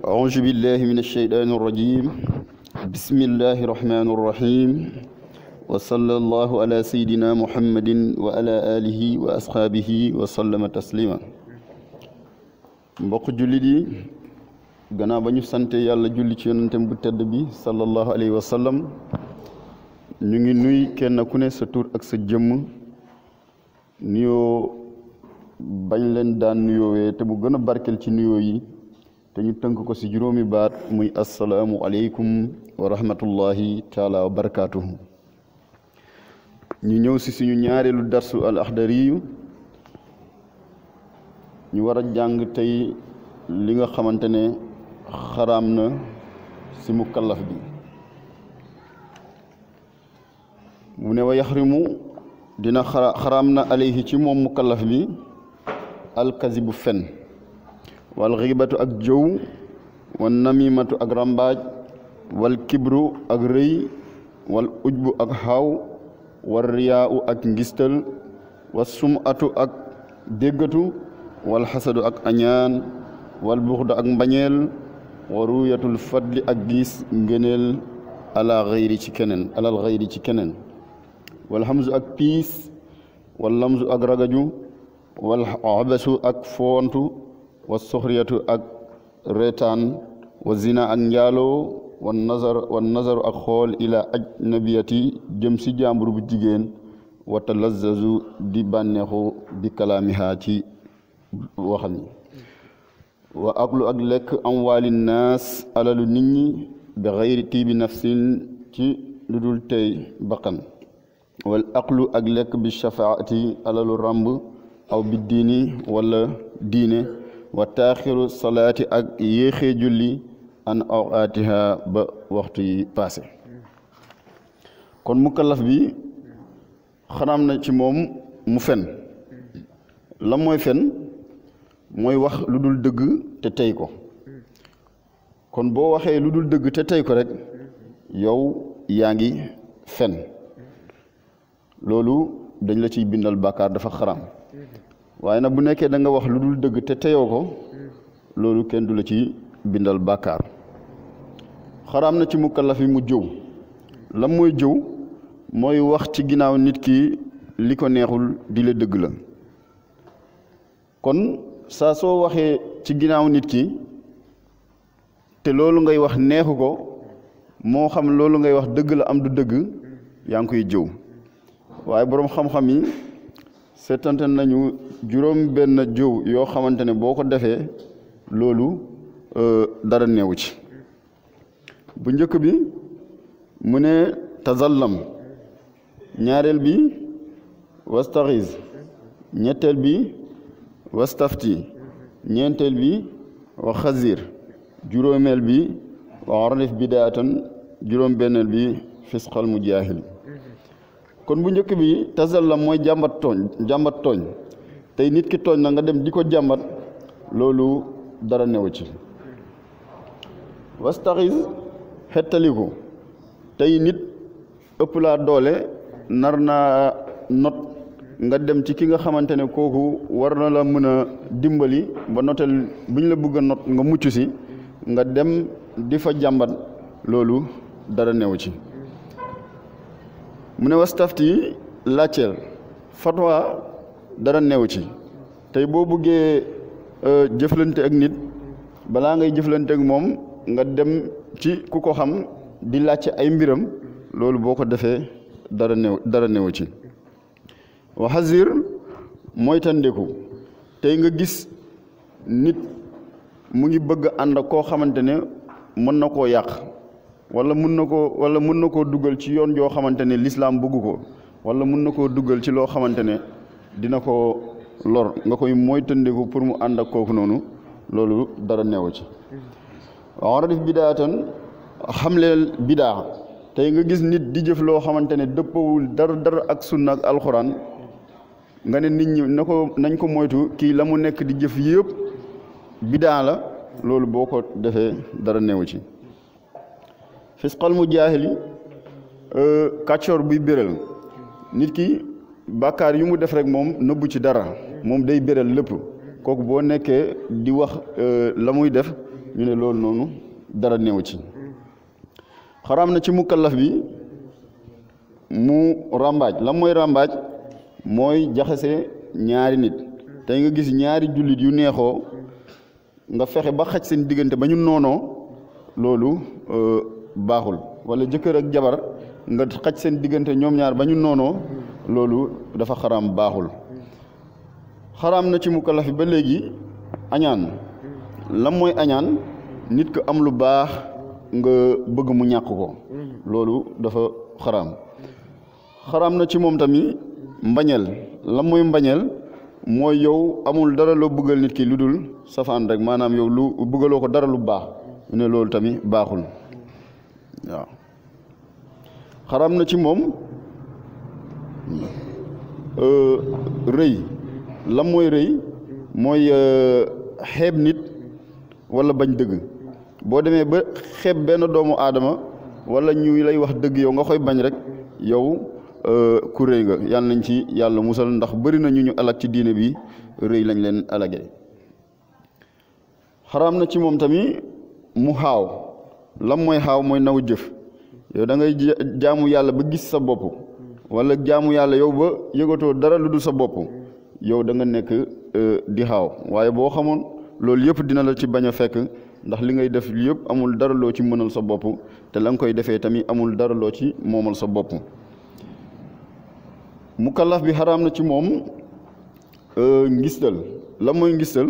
أعوذ بالله من الشيطان الرجيم بسم الله الرحمن الرحيم وصلى الله على سيدنا محمد وعلى آله وأصحابه وسلم تسليما mbokk jullit yi gannaaw ba ñu sante yàlla julli ci yonentam bu tedd bi sallallahu alayhi wa ñu ngi nuy kenn ku ne sa tur ak sa jëmm nuyoo bañ leen daan nuyoowee te mu gën a barkel ci nuyoo yi ñu tënk ko ci juróomi baat muy assalaamu aleykum wa rahmatullahi taala wa barakaatuhu ñu ñëw ci suñu ñaareelu darsu al ñu war a jàng tey li nga xamante ne xaraam na ci mukallaf bi mu ne wa yaxrimu dina xaraam na alayhi ci moom mukallaf bi alkazibu fen wal xibatu ak jëw wal namimatu ak rambaaj wal kibru ak rëy wal ujbu ak xaaw wal riyaawu ak ngistal wal sumatu ak déggatu wal xasadu ak añaan wal buxdu ak mbañeel wa ruyatul fadli ak gis ngëneel ala xayri ci keneen wal hamzu ak piis wal lamzu ak ragaju wal xabasu ak foontu wa suxriyatu ak reetaan wa zina ak njaaloo wa nazar ak xool ila ajnabiyati jëm si jàmbur bu jigéen wa talazzazu di banneexu bi kalaamiha ci waxam yi wa aklu ak lekk amwaali naas alalu nit ñi bi xayri tiibi nafsin ci lu dul tey bakkan wal aklu ak lekk bi shafaati alalu ràmb aw bi diini wala diine wa taaxiru salaati ak yéexee julli an awqaatiha ba waxtu yi passé kon mukallaf bi xaraam na ci moom mu fen la fen mooy wax lu dul dëgg te tey ko kon boo waxee lu dul dëgg te tey ko rek yow yaa ngi fen loolu dañ la ciy bindal bàkkaar dafa xaraam waaye nag bu nekkee da nga wax lu dul dëgg te teyoo ko hmm. loolu kenn du la ci bindal bàkkaar xaraam na ci mukallaf yi mu jëw lan mooy jëw mooy wax ci ginnaaw nit ki li ko neexul di la dëgg la kon saa soo waxee ci ginnaaw nit ki te loolu ngay wax neexu ko moo xam loolu ngay wax dëgg la am du dëgg hmm. yaa ngi koy jëw waaye boroom xam-xam yi seetante nañu juróom benn jëw yoo xamante ne boo ko defee loolu euh, dara neewu ci bu njëkk bi mu ne tazallam ñaareel bi wastaxiis ñetteel bi wastafti ñeenteel bi wa xazir juróomeel bi wa arif bidaatan juróom benneel bi fisqal mujaahil kon bu njëkk bi tasal la mooy jàmbat tooñ jàmbat tooñ tey nit ki tooñ na nga dem di ko jàmbat loolu dara newu ci wastaxis xettaliku tey nit ëpp laa doole nar naa not nga dem ci ki nga xamante ne kooku war na la mën a dimbali ba notel bu la bugg a not nga mucc si nga dem di fa jàmbat loolu dara newu ci mu ne wastafti yi laajteel fatwa dara neew ci tey boo buggee euh, jëflante ak nit balaa ngay jëflante ak moom nga dem ci ku ko xam di laajte ay mbiram loolu boo ko defee dara neew dara neew ci wa xasir mooy tandeku tey nga gis nit mu ngi bëgg ànd ak koo xamante ne mën na koo yàq wala mun na ko wala mun na koo dugal ci yoon joo xamante ne lislaam bëgg ko wala mun na koo dugal ci loo xamante ne dina ko lor nga koy mooy pour mu ànd ak kooku noonu loolu dara neewu ci waaw def bidaa bidaa tey nga gis nit di jëf loo xamante ne dëppawul dara dara ak sunna ak alxuraan nga ne nit ñi na ko nañ ko moytu kii la mu nekk di jëf yépp bidaa la loolu boo ko defee dara neewu ci fisqal mu jaahili euh, kàccoor buy béral nit ki bàkkaar yu mu def rek moom nëbbu ci dara moom day béral lépp kooku boo nekkee di wax euh, la muy def ñu ne loolu noonu dara néew ci xaraam na ci mu mukallaf bi mu ràmbaaj lan mooy ràmbaaj mooy jaxase ñaari nit tey nga gis ñaari jullit yu neexoo nga fexe ba xaj seen diggante ba ñu noonoo loolu euh, baaxul wala jëkkër ak jabar nga xaj seen diggante ñoom ñaar ba noonoo loolu dafa xaraam baaxul xaraam na ci mukallaf yi ba léegi añaan lan mooy añaan nit ko am lu baax nga bëgg mu ñàkk ko loolu dafa xaraam xaraam na ci moom tamit mbañeel lan mooy mbañeel mooy yow amul dara loo bëggal nit ki lu dul safaan rek maanaam yow lu bëggaloo ko dara lu baax ne loolu tamit baaxul waaw xaram na ci moom euh, rëy lan mooy rëy mooy euh, xeeb nit wala bañ dëgg boo demee ba xeeb benn doomu aadama walla ñu lay wax dëgg yow nga koy bañ rek yow euh, ku rëy nga yàlla nañ ci yàlla musal ndax bëri na ñu ñu alag ci diine bi rëy lañ leen alage xaraam na ci moom tamit mu xaaw lam mooy xaaw mooy naw jëf yow da jaamu yàlla ba gis sa bopp walla jaamu yàlla yow ba yëgatoo dara lu dul sa bopp yow da nga nekk euh, di xaaw waaye boo xamoon loolu yëpp dina la ci bañ a fekk ndax li ngay def yëpp amul dara loo ci mënal sa bopp te la koy defee tamit amul dara loo ci moomal sa bopp mukallaf bi xaram na ci moom euh, ngistal la ngistal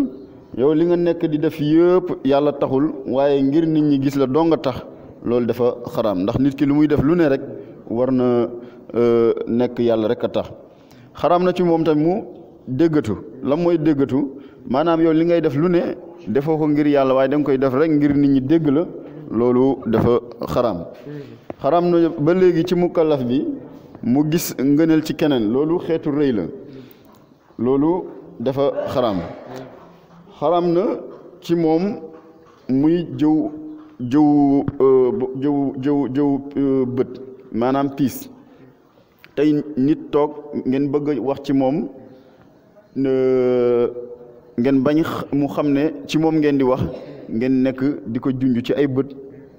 yow li nga nekk di def yëpp yàlla taxul waaye ngir nit ñi gis la donga tax loolu dafa xaram ndax nit ki lu muy def lu ne rek war na euh, nekk yàlla rek a tax xaram na ci moom tamit mu déggatu la mooy déggatu maanaam yow li ngay def lu ne defoo ko ngir yàlla waaye da nga koy def rek ngir nit ñi dégg la loolu dafa xaraam xaraam na ba léegi ci mukallaf bi mu gis ngëneel ci keneen loolu xeetu rëy la loolu dafa xaram xaram na ci moom muy jëw jëw euh, jëw jëw jëw euh, bët maanaam piis tey nit toog ngeen bëgg a wax ci moom ngeen bañ mu xam ne ci moom ngeen di wax ngeen nekk di ko junj ci ay bët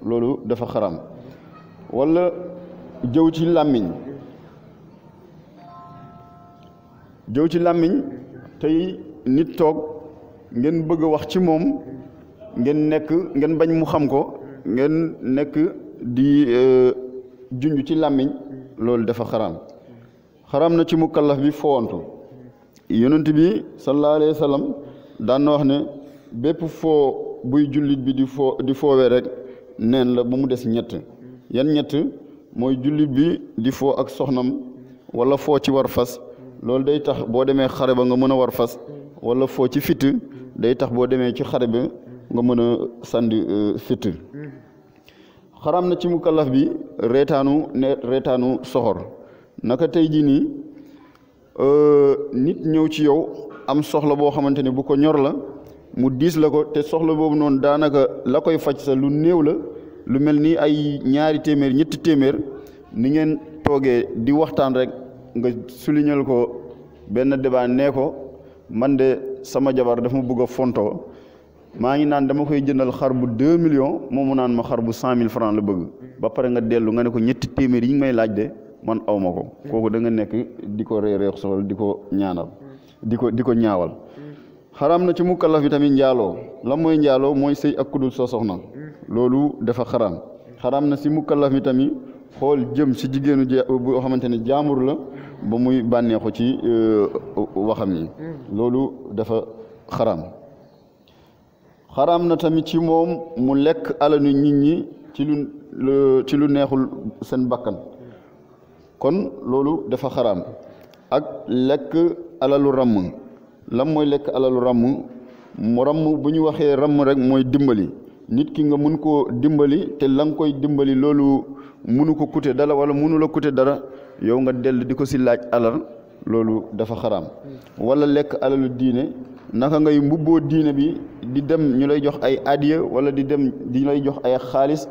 loolu dafa xaram walla jëw ci làmmiñ jëw ci làmmiñ tey nit toog ngeen bëgg a wax ci moom ngeen nekk ngeen bañ mu xam ko ngeen nekk di euh, junj ci làmmiñ loolu defa xaraam xaram na ci mu mukallaf bi fowantu yonent bi sallallahu alayhi wa daan na wax ne bépp foo buy jullit bi di foo di foowee rek neen la ba mu des ñett yan ñett mooy jullit bi di foo ak soxnam wala foo ci war fas loolu day tax boo demee xare ba nga mën a war fas wala foo ci fitt day tax boo demee ci xare bi nga mën a sandi fitt euh, xaram na ci mukallaf bi reetaanu ne reetaanu soxor naka tey jii nii euh, nit ñëw ci yow am soxla boo xamante ni bu ko ñor la mu diis la ko te soxla boobu noonu daanaka la koy faj sa lu néew la lu mel ni ay ñaari téeméer ñetti téeméer ni ngeen toogee di waxtaan rek nga soulignal ko benn débat nee ko man de sama jabar daf ma bëgg a fontoo maa ngi naan dama koy jëndal xar bu deux million moom mu naan ma xar bu cent mille franc la bëgg ba pare nga dellu nga ne ko ñetti téeméer yi ñu may laaj de man aw ma ko kooku da nekk di ko réeréex soxal di ko ñaanal di ko di ko ñaawal xaraam na ci mukallaf bi tamit njaaloo la mooy njaaloo mooy sëy ak kudul soo soxna loolu dafa xaraam xaraam na si mukallaf mi tamit xool jëm si jigéenu boo xamante ne jaamur la ba muy bànneexu ci euh, waxam yi mm. loolu dafa xaram xaram na tamit ci moom mu lekk alalu nit ñi ci lu ci lu neexul seen bakkan kon loolu dafa xaram ak lekk alalu ràmm lan mooy lekk alalu ràmm mu ràmm bu ñu waxee ràmm rek mooy dimbali nit ki nga mun koo dimbali te la koy dimbali loolu mënu koo kute dara wala munu la kute dara yow nga dellu di ko si laaj alal loolu dafa xaram wala lekk alalu diine naka ngay mbubboo diine bi di dem ñu lay jox ay adiya wala di dem di lay jox ay xaalis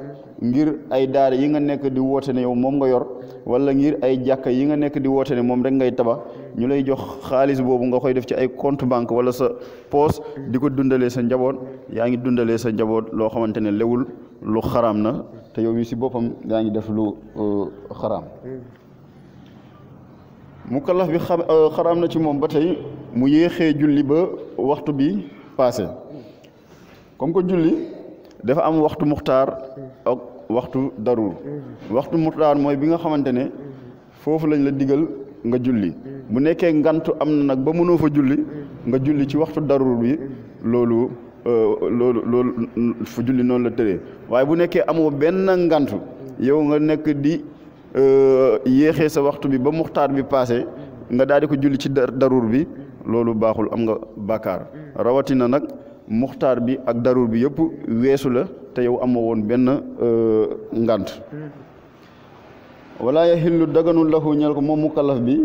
ngir ay daara yi nga nekk di woote ne yow moom nga yor wala ngir ay jàkka yi nga nekk di woote ne moom rek ngay tabax ñu lay jox xaalis boobu nga koy def ci ay compte banque wala sa poos di ko dundalee sa njaboot yaa ngi dundalee sa njaboot loo xamante ne lewul lu xaraam na te yow mi si boppam yaa def lu euh, xaraam mukallaf bi euh, xaraam na ci moom ba tey mu yéexee julli ba waxtu bi passé comme que julli dafa am waxtu muxtaar ak waxtu daruur waxtu muxtaar mooy bi nga xamante ne foofu lañ la digal nga julli bu nekkee ngantu am na nag ba mënoo fa julli nga julli ci waxtu daruur bi loolu euh, loolu loolu fa julli noonu la tëree waaye bu nekkee amoo benn ngantu yow nga nekk di Euh, yéexe sa waxtu bi ba muxtaar bi paase nga daal di ko julli ci daruur bi loolu baaxul am nga bàkkaar rawatina nag muxtaar bi ak daruur bi yépp weesu la te yow amoo woon benn euh, ngant wala ya xillu daganul lahu ñel ko moom mukallaf bi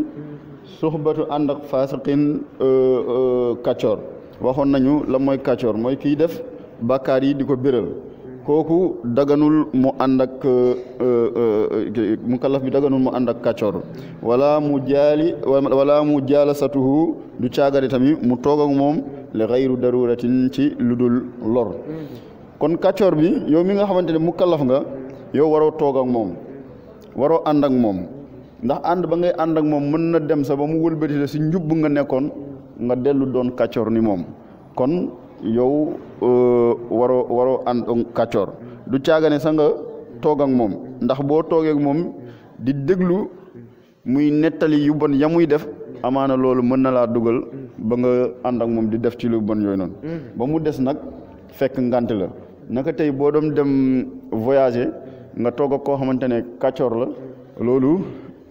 suxbatu ànd ak faasiqin euh, kàccoor waxoon nañu la mooy kàccoor mooy kiy def bàkkaar yi di ko biral kooku daganul mu ànd ak euh, euh, euh, mukallaf bi daganul mu ànd ak kàccoor wala mu jaali wala mu jaala jaalasatuhu du caagari tamit mu toog ak moom li xayru daruratin ci lu dul lor kon kàccoor bi yow mi nga xamante ne mukallaf nga yow waroo toog ak moom waroo ànd ak moom ndax ànd ba ngay ànd ak moom mën na dem sa ba mu wëlbati si njubb nga nekkoon nga dellu doon kàccoor ni moom kon yow euh, waroo waroo ànd kàccoor du caagane sa nga toog ak moom ndax boo toogee ak moom di déglu muy nettali yu bon ya muy def amaana loolu mën na laa dugal ba nga ànd ak moom di def ci lu bon yooyu noonu. Mm. ba mu des nag fekk ngant la naka tey boo doon dem voyager nga tooga koo xamante ne kàccoor la loolu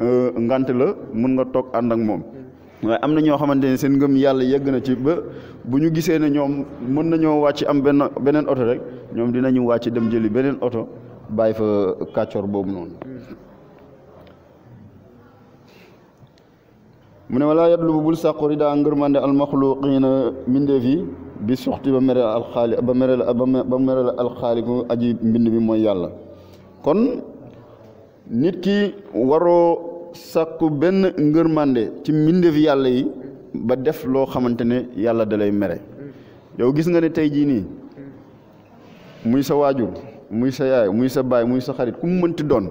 euh, ngant la mun nga toog ànd moom. waaye am na ñoo xamante ne seen ngëm yàlla yegg na ci ba bu ñu gisee ne ñoom mën nañoo wàcc am benn beneen oto rek ñoom dinañu wàcc dem jëli beneen oto bàyyi fa kàccoor boobu noonu mu ne walaa yatlubu bul sàqu ridaa ngërmande almaxluqiina mbindeef yi bi suxti ba mere alxaali ba mere ba mere la alxaaliku aji mbind mi mooy yàlla kon nit ki waroo sàkku benn ngërmande ci mbindeef yàlla yi ba def loo xamante ne yàlla da lay mere yow gis nga ne tey jii nii muy sa waajur muy sa yaay muy sa baay muy sa xarit ku mu mënti doon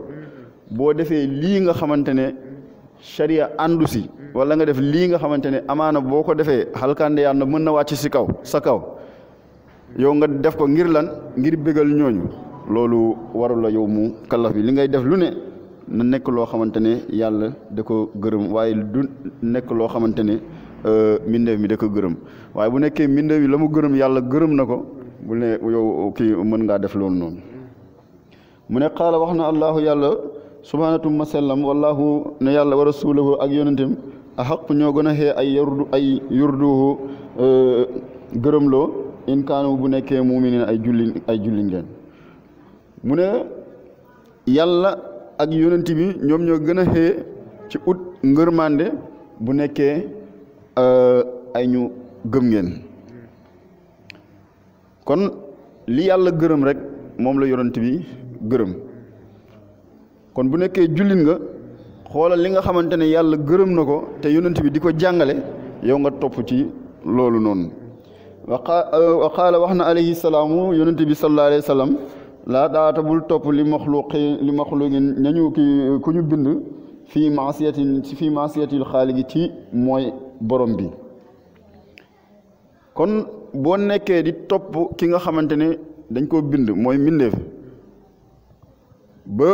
boo defee lii nga xamante ne sharia àndu si wala nga def lii nga xamante ne amaana boo ko defee xalkaande yàlla mën na wàcc si kaw sa kaw yow nga def ko ngir lan ngir bégal ñooñu loolu waru la mu kallaf li ngay def lu ne na nekk loo xamante ne yàlla da ko gërëm waaye du nekk loo xamante ne euh, mbindeef mi da ko gërëm waaye bu nekkee mbindeef yi la mu gërëm yàlla gërëm na ko bu ne yow kii mën ngaa def loolu noonu mu ne xaala wax na allaahu yàlla subhaanatum masallam wallaahu ne yàlla wa rasuulahu ak yonentam a xaq ñoo gën a xee ay yurdu ay yurduhu euh, gërëm loo in kaanu bu nekkee muuminiin ay julli ay julli ngeen mu ne yàlla ak yonent bi ñoom ñoo gën a xëye ci ut ngërmande bu nekkee euh, ay ñu gëm ngeen kon li yàlla gërëm rek moom la yonent bi gërëm kon bu nekkee jullit nga xoolal li nga xamante ne yàlla gërëm na ko te yonent bi di ko jàngale yow nga topp ci loolu noonu wa euh, qaala wax na alayhi salaamu yonent bi sallallahu alayhi laa daata bul topp li maxluqi li maxluqin ñañu ki ku ñu bind fii maasiyatin fii maasiyatil xaaligi ci mooy borom bi kon boo nekkee di topp ki nga xamante ne dañ koo bind mooy mbindeef ba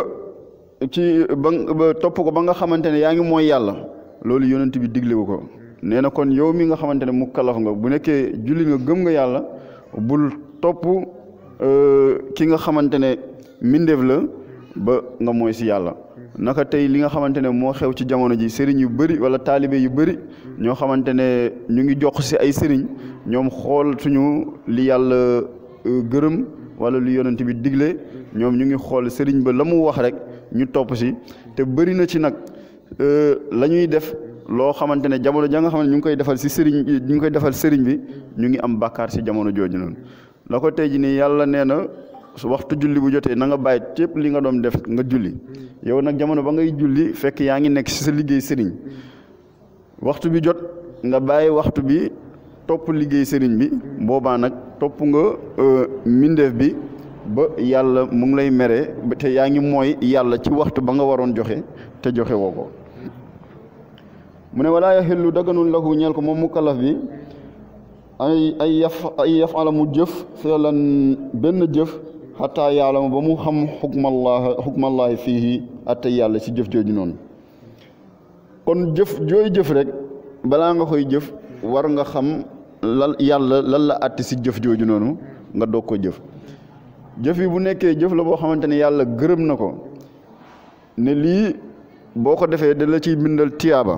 ci ba topp ko ba nga xamante ne yaa ngi mooy yàlla loolu yonent bi diglewu ko nee na kon yow mii nga xamante ne mu kalaf nga bu nekkee julli nga gëm nga yàlla bul topp Euh, ki nga xamante ne mbindeef la ba nga mooy si yàlla naka tey li nga xamante ne moo xew ci jamono ji sëriñ yu bëri wala taalibe yu bëri ñoo xamante ne ñu ngi jox si ay sëriñ ñoom xool suñu li yàlla euh, gërëm wala lu yonent bi digle ñoom ñu ngi xool sëriñ ba la mu wax rek ñu topp si te bëri na ci nag euh, la ñuy def loo xamante ne jamono ja nga xam ne ñu ngi koy defal si sëriñ ñu ngi koy defal sëriñ bi ñu ngi am bàkkaar si jamono jooju noonu la ko tey ji nii yàlla nee na su waxtu julli bu jotee na nga bàyyi cépp li nga doon def nga julli yow nag jamono ba ngay julli fekk yaa ngi nekk ci sa liggéey sëriñ waxtu bi jot nga bàyyi waxtu bi topp liggéey sëriñ bi boobaa nag topp nga euh, mbindeef bi ba yàlla mu lay mere te yaa ngi mooy yàlla ci waxtu ba nga waroon joxe te joxe woo ko mu ne walaa yaxillu daganul lahu ñeel ko moom mukallaf bi ay ay yaf ay yaf ala mu jëf filan benn jëf xataa yaalama ba mu xam xukmallaahi xukmallaahi fii atte yàlla si jëf jooju noonu kon jëf jooy jëf rek balaa nga koy jëf war nga xam lan yàlla lan la atte si jëf jooju noonu nga doog ko jëf jëf yi bu nekkee jëf la boo xamante ne yàlla gërëm na ko ne lii boo ko defee da la ciy bindal tiyaaba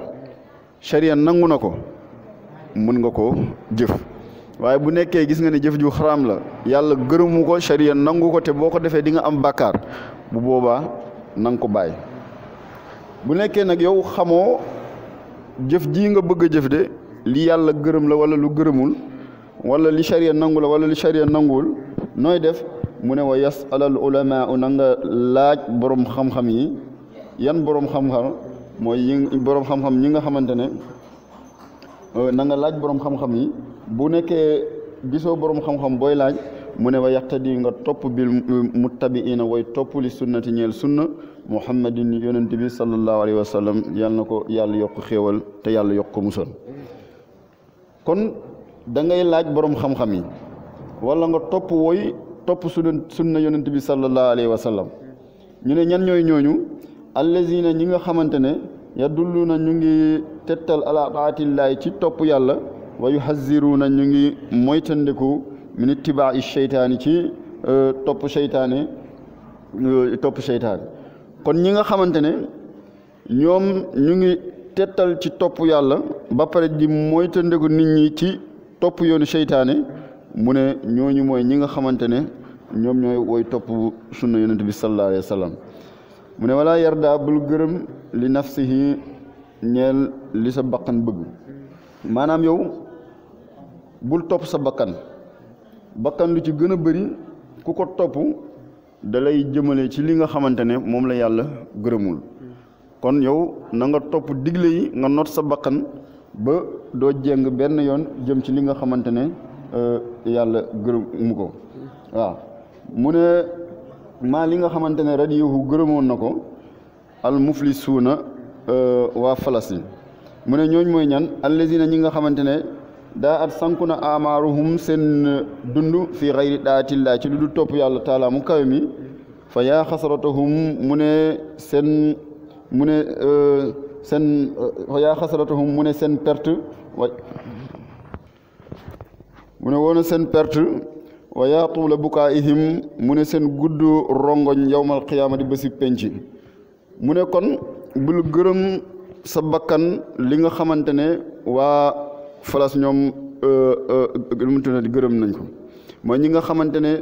sharia nangu na ko mën nga ko jëf waaye bu nekkee gis nga ne jëf ju xaram la yàlla gërëmu ko sharia nangu ko te boo ko defee di nga am bàkkaar bu boobaa na ko baay bu nekkee nag yow xamoo jëf ji nga bëgg a jëf de li yàlla gërëm la wala lu gërëmul walla li sharia nangu la wala li sharia nanguwul nooy def mu ne wa yas alal ulama na nga laaj borom xam-xam yi yan borom xam-xam mooy yi borom xam-xam ñi nga xamante ne Euh, na nga laaj borom xam-xam yi bu nekkee gisoo borom xam-xam booy laaj mu ne wa yaxtadi nga topp mu bil euh, na way topp li sunnati ñeel sunna muhammadin yonente bi sallallahu alayhi wa sallam yàlla na ko yàlla yokk xéewal te yàlla yokk ko musal kon da ngay laaj borom xam yi wala nga topp woy topp sun sunna yonente bi sallallahu alayhi wa sallam ñu ne ñan ñooy ñooñu allazina ñi nga xamante ne na ñu ngi tettal ala ci topp yàlla wa yuhaziruuna ñu ngi moytandiku min itibaa'i seytaani ci euh, topp seytaane euh, topp seytaane kon ñi nga xamante ne ñoom ñu ngi tettal ci topp yàlla ba pare di moytandiku nit ñi ci topp yoonu seytaane mu ne ñooñu mooy ñi nga xamante ne ñoom ñooy woy topp sunna yonent bi sallallahu alayhi wa sallam mu ne wala yarda bul gërëm li nafsihi ñeel li sa bakkan bëgg maanaam yow bul topp sa bakkan bakkan lu ci gën a bëri ku ko topp da lay jëmale ci li nga xamante ne moom la yàlla gërëmul kon yow na nga topp digle yi nga noot sa bakkan ba doo jéng benn yoon jëm ci li nga xamante ne euh, yàlla gërëmu ko mu ne maa li nga xamante ne radiohu gërëmoon na ko al mufli muflisuuna euh, waa Falastin mu ne ñooñ mooy ñan na ñi nga xamante ne daa at sanku na amaaruhum seen dund fi xayri daatillaa ci lu dul topp yàlla taala mu kawe mi fa yaa xasratahum mu ne seen mu ne euh, seen fa yaa xasratahum mu ne seen perte wa mu ne woona seen perte wa yaa tuula bukaa'ihim mu ne seen gudd rongoñ yowmal xiyaamati ba si penc mu ne kon bul gërëm sa bakkan li nga xamante ne waa falas ñoom lu euh, euh, mu gërëm nañ ko mooy ñi nga xamante ne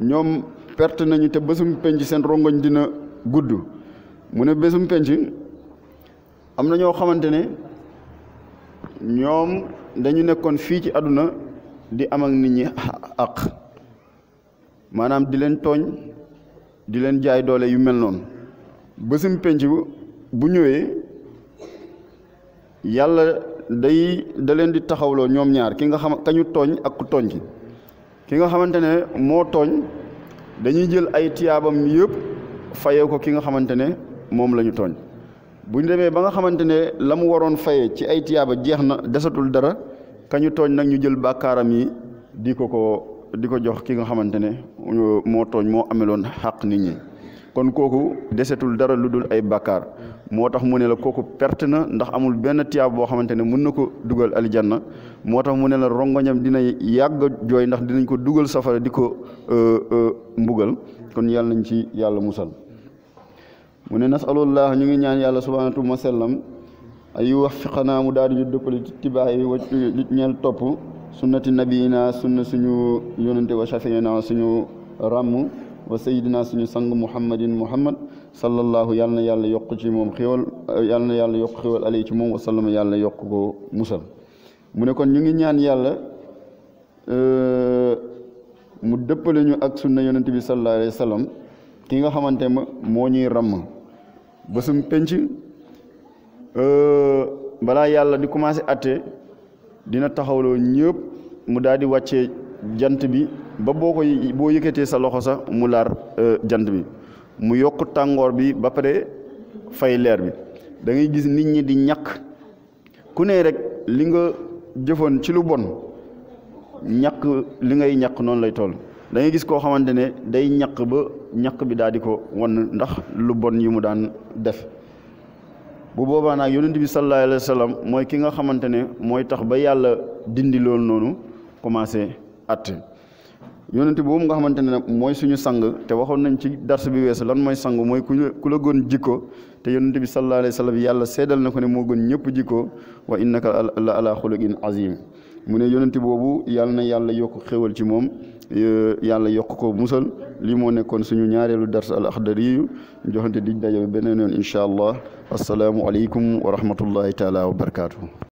ñoom perte nañu te bésum penc seen rongoñ dina gudd mu ne bésum penc am na ñoo xamante ne ñoom dañu nekkoon fii ci àdduna di am ak nit ñi maanaam di leen tooñ di leen jaay doole yu mel noonu bésum penc bu ñëwee yàlla day da leen di taxawloo ñoom ñaar ki nga xam kañu tooñ ak ku tooñ ki ki nga xamante ne moo tooñ dañuy jël ay tiyaabam yëpp fayee ko ki nga xamante ne moom lañu ñu tooñ bu ñu demee ba nga xamante ne la mu waroon fayee ci ay tiyaaba jeex na desatul dara kañu tooñ nag ñu jël bàkkaaram yi di ko ko di ko jox ki nga xamante ne moo tooñ moo ameloon xaq nit ñi kon kooku desetul dara lu dul ay bakkaar moo tax mu ne la kooku perte na ndax amul benn tiyaab boo xamante ne mën na ko dugal na moo tax mu ne la rongoñam dina yàgg jooy ndax dinañ ko dugal safara di ko euh, euh, mbugal kon yàlla nañ ci yàlla musal mu ne nasalullah ñu ngi ñaan yàlla subhanahu wa sallam ay mu daal di ñu dëppale ci tibaax yi topp sunnati nabiyina sunna suñu yonante wa shafiina suñu ràmm wa sayidina suñu sang muhammadin muhammad sallallahu yàlla na yàlla yokk ci moom xéwal yàlla na yàlla yokk xéwal alay ci moom wasallam yàlla yokku ko musal mu ne kon ñu ngi ñaan yàlla euh, mu dëppale ñu ak sunna yonent bi sallallahu alayhi wa sallam ki nga xamante ma moo ñuy ràmm bésum penc euh, balaa yàlla di commencé atte dina taxawloo ñëpp mu daal di wàccee jant bi ba boo koy boo yëkkatee sa loxo sax mu laar euh, jant bi mu yokk tàngoor bi ba pare fay leer bi dangay gis nit ñi di ñakk ku ne rek li nga jëfoon ci lu bon ñàkk li ngay ñàkk noonu lay tool dangay gis koo xamante ne day ñàkk ba ñàkk bi daal di ko wan ndax lu bon yi mu daan def bu boobaa naa yonent bi sallallahu alayhi wa mooy ki nga xamante ne mooy tax ba yàlla dindi loolu noonu commencé atte yonent boobu nga xamante ne nag mooy suñu sang te waxoon nañ ci dars bi weesu lan mooy sang mooy ku ku la gën jikko te yonent bi sallallahu alayhi wa sallam yàlla seedal na ko ne moo gën ñëpp jikko wa innaka la ala xuluqin azim mu ne yonent boobu yàlla na yàlla yokk xéwal ci moom yàlla yokk ko musal lii moo nekkoon suñu ñaareelu dars al axdari joxante dig daje beneen yoon incha allah asalaamualeykum wa rahmatullahi taala wa barakaatu.